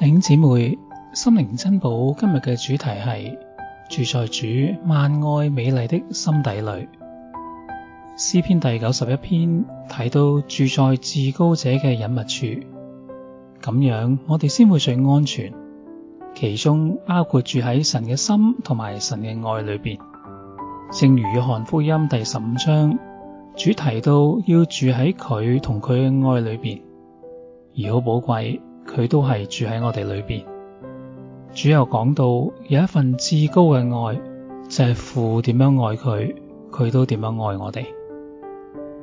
頂姊妹，心靈珍寶今日嘅主題係住在主萬愛美麗的心底裡。詩篇第九十一篇提到住在至高者嘅隱密處，咁樣我哋先會最安全，其中包括住喺神嘅心同埋神嘅愛裡邊。正如約翰福音第十五章主提到要住喺佢同佢嘅愛裡邊，而好寶貴。佢都係住喺我哋裏邊。主又講到，有一份至高嘅愛，就係、是、父點樣愛佢，佢都點樣愛我哋。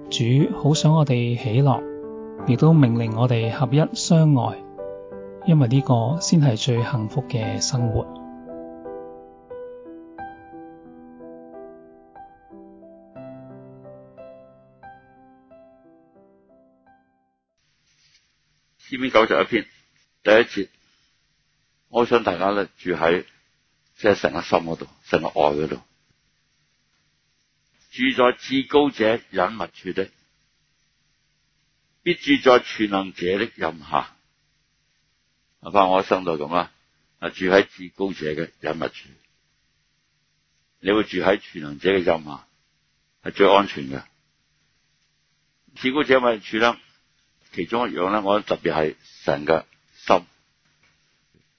主好想我哋喜樂，亦都命令我哋合一相愛，因為呢個先係最幸福嘅生活。呢邊九十一篇。第一節，我想大家咧住喺即係神嘅心嗰度，神嘅愛嗰度，住在至高者隱密處的，必住在全能者的蔭下。阿爸，我一生就咁啦，住喺至高者嘅隱密處，你會住喺全能者嘅蔭下，係最安全嘅。至高者隱密處呢，其中一樣咧，我覺得特別係神嘅，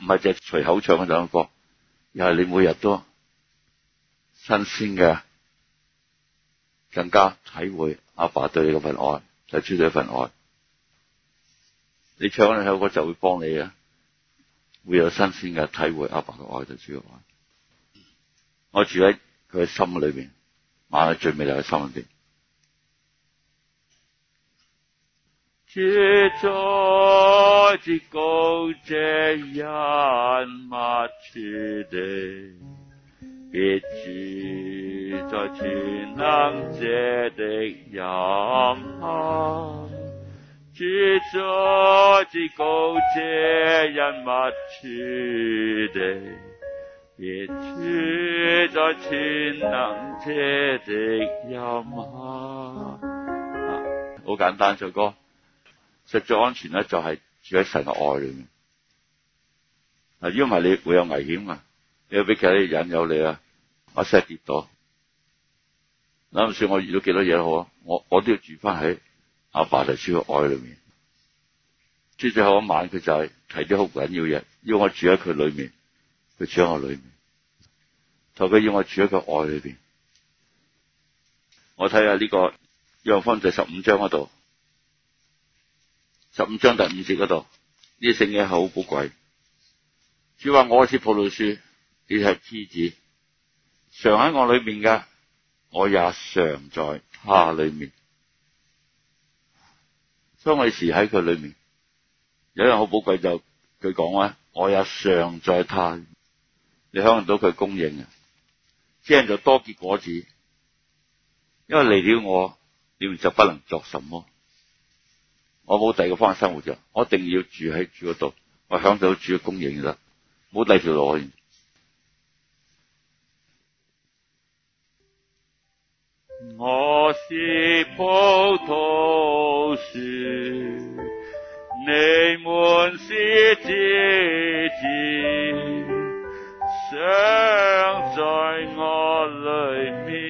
唔係係隨口唱嘅兩歌，又係你每日都新鮮嘅，更加體會阿爸，爸對你份愛，就係、是、主嘅份愛。你唱完首歌就會幫你啊，會有新鮮嘅體會阿爸嘅愛，就係主嘅愛。我住喺佢嘅心裏邊，晚喺最美麗嘅心裏邊。住在至高者隱密處的，必住在全能者的蔭下、啊。住在至高者隱密處的，必住在全能者的蔭下、啊。好、 啊、簡單，首歌。實在安全咧，就係、是、住喺神嘅愛裏面。啊，因為你會有危險啊，你會俾其他嘢引誘你啊。我成跌倒，諗唔算我遇到幾多嘢好啊？我我都要住翻喺阿爸嚟主嘅愛裏面。即係最後一晚，佢就係提啲好緊要嘅：「要我住喺佢裏面，佢住喺我裏面。特佢要我住喺佢愛裏邊。我睇下呢個約翰福音第十五章嗰度。十五章第五節度，呢聖嘢係好寶貴。主話：我似葡萄樹，你係枝子，常喺我裏面噶，我也常在他裏面。相愛時喺佢裏面，有一樣好寶貴就佢講啊，我也常在他，你享唔到佢供應啊？啲人就多結果子，因為離了我，你們就不能作什麼。我冇第二個方嘅生活住，我一定要住喺住嗰度，我享受住嘅供應就得，冇第二條路可以去。我是葡萄樹，你們是枝子，常在我裡面。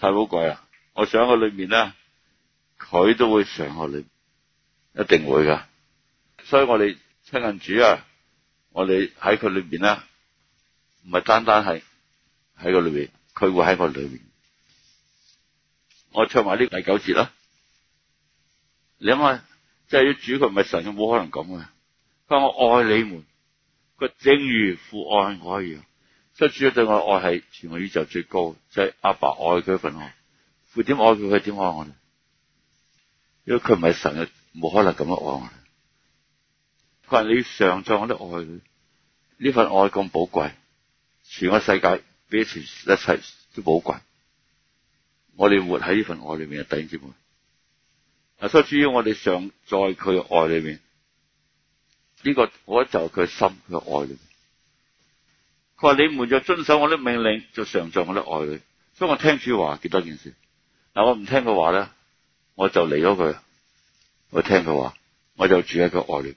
太寶貴啊！我上佢裏面咧，佢都會上我裏，一定會噶。所以我哋親近主啊，我哋喺佢裏面咧，唔係單單係喺佢裏面，佢會喺佢裏面。我唱埋呢第九節啦、啊。你諗下，即係要主佢唔係神，佢冇可能咁嘅。佢話我愛你們，佢正如父愛我一樣。即係主要對我嘅愛係全個宇宙最高，就係、是、阿爸，爸愛佢份愛，會點愛佢，佢點愛我哋？因為佢唔係神嘅，冇可能咁樣愛我哋。佢係你常在我嗰啲愛，呢份愛咁寶貴，全個世界比切一切都寶貴。我哋活喺呢份愛裏面嘅弟尖。姊所以主要我哋常在佢嘅愛裏面，呢、這個我就係佢心佢愛裏邊。佢話：你們若遵守我的命令，就常在我的愛裡。所以我聽主話幾多件事。嗱，我唔聽佢話咧，我就離咗佢；我聽佢話，我就住喺佢愛裡。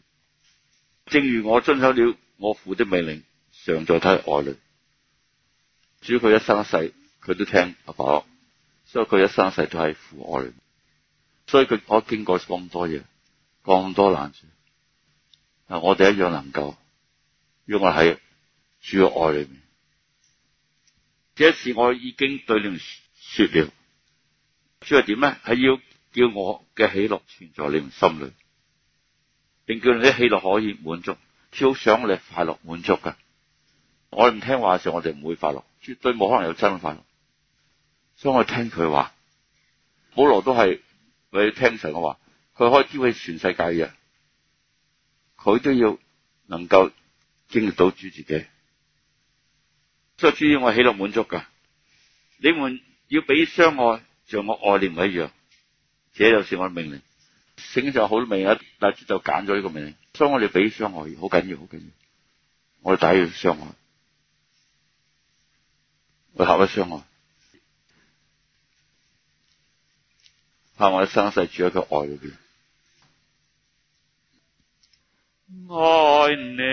正如我遵守了我父的命令，常在他愛裡。主佢一生一世，佢都聽阿爸，所以佢一生一世都喺父愛裡。所以佢可經過咁多嘢，咁多難處。嗱，我哋一樣能夠，因為係。主嘅愛裡面，這事我已經對你們說了。主要點呢？係要叫我嘅喜樂存在你們心裡，並叫你啲喜樂可以滿足，超想你快樂滿足嘅。我唔聽話嘅時候，我哋唔會快樂，絕對冇可能有真快樂。所以我聽佢話，保羅都係為聽神嘅話，佢可以安慰全世界嘅，佢都要能夠經歷到主自己。我注意我喜樂滿足噶，你們要彼此相愛，像我愛你們一樣，這就是我命令。聖經上有好多命，但主就揀咗呢個命令，所以我哋彼此相愛，好緊要，好緊要。我哋打要相愛，我合一相愛，盼望我一生世住喺佢愛嗰邊。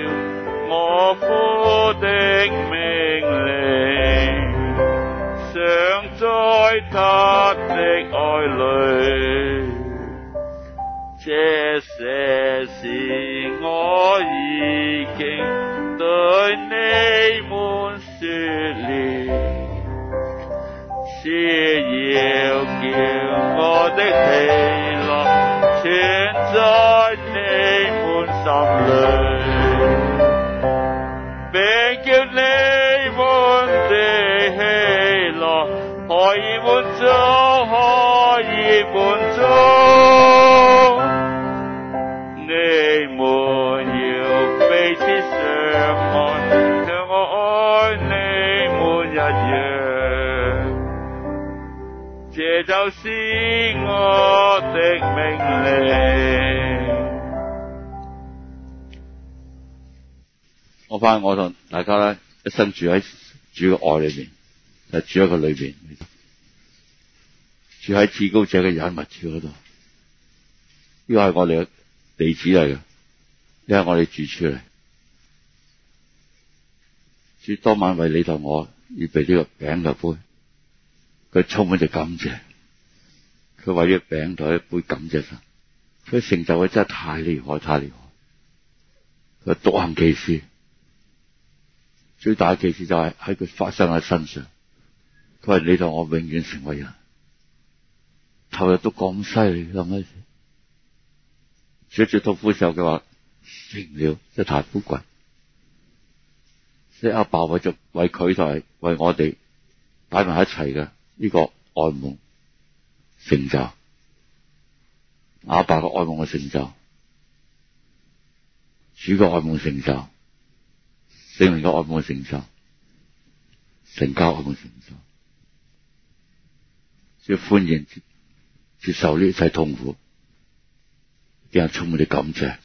父的命令，常在他的愛裡，這些事我已經對你們說了，是要叫我的喜樂存在你們心裡。是我的命令。我翻我同大家咧，一生住喺主嘅愛裏邊，就住喺佢裏邊，住喺至高者嘅隱密處嗰度。呢個係我哋嘅地址嚟嘅，因為我哋住處嚟。主當晚為你同我預備呢個餅同杯，佢充滿住感謝。佢為咗餅台一杯感謝神，佢成就嘅真係太厲害，太厲害。佢獨行其事，最大嘅奇事就係喺佢發生喺身上。佢話你同我永遠成為人，投入都咁犀利。諗起住住痛苦時候，佢話成了，即係太寶貴，所以阿爸就為佢就係為我哋擺埋一齊嘅呢個愛門。成就，阿爸嘅愛慕嘅成就，主嘅愛慕嘅成就，聖靈嘅愛慕嘅成就，神家愛慕嘅成就，要歡迎接受呢一切痛苦，比較充滿啲感謝。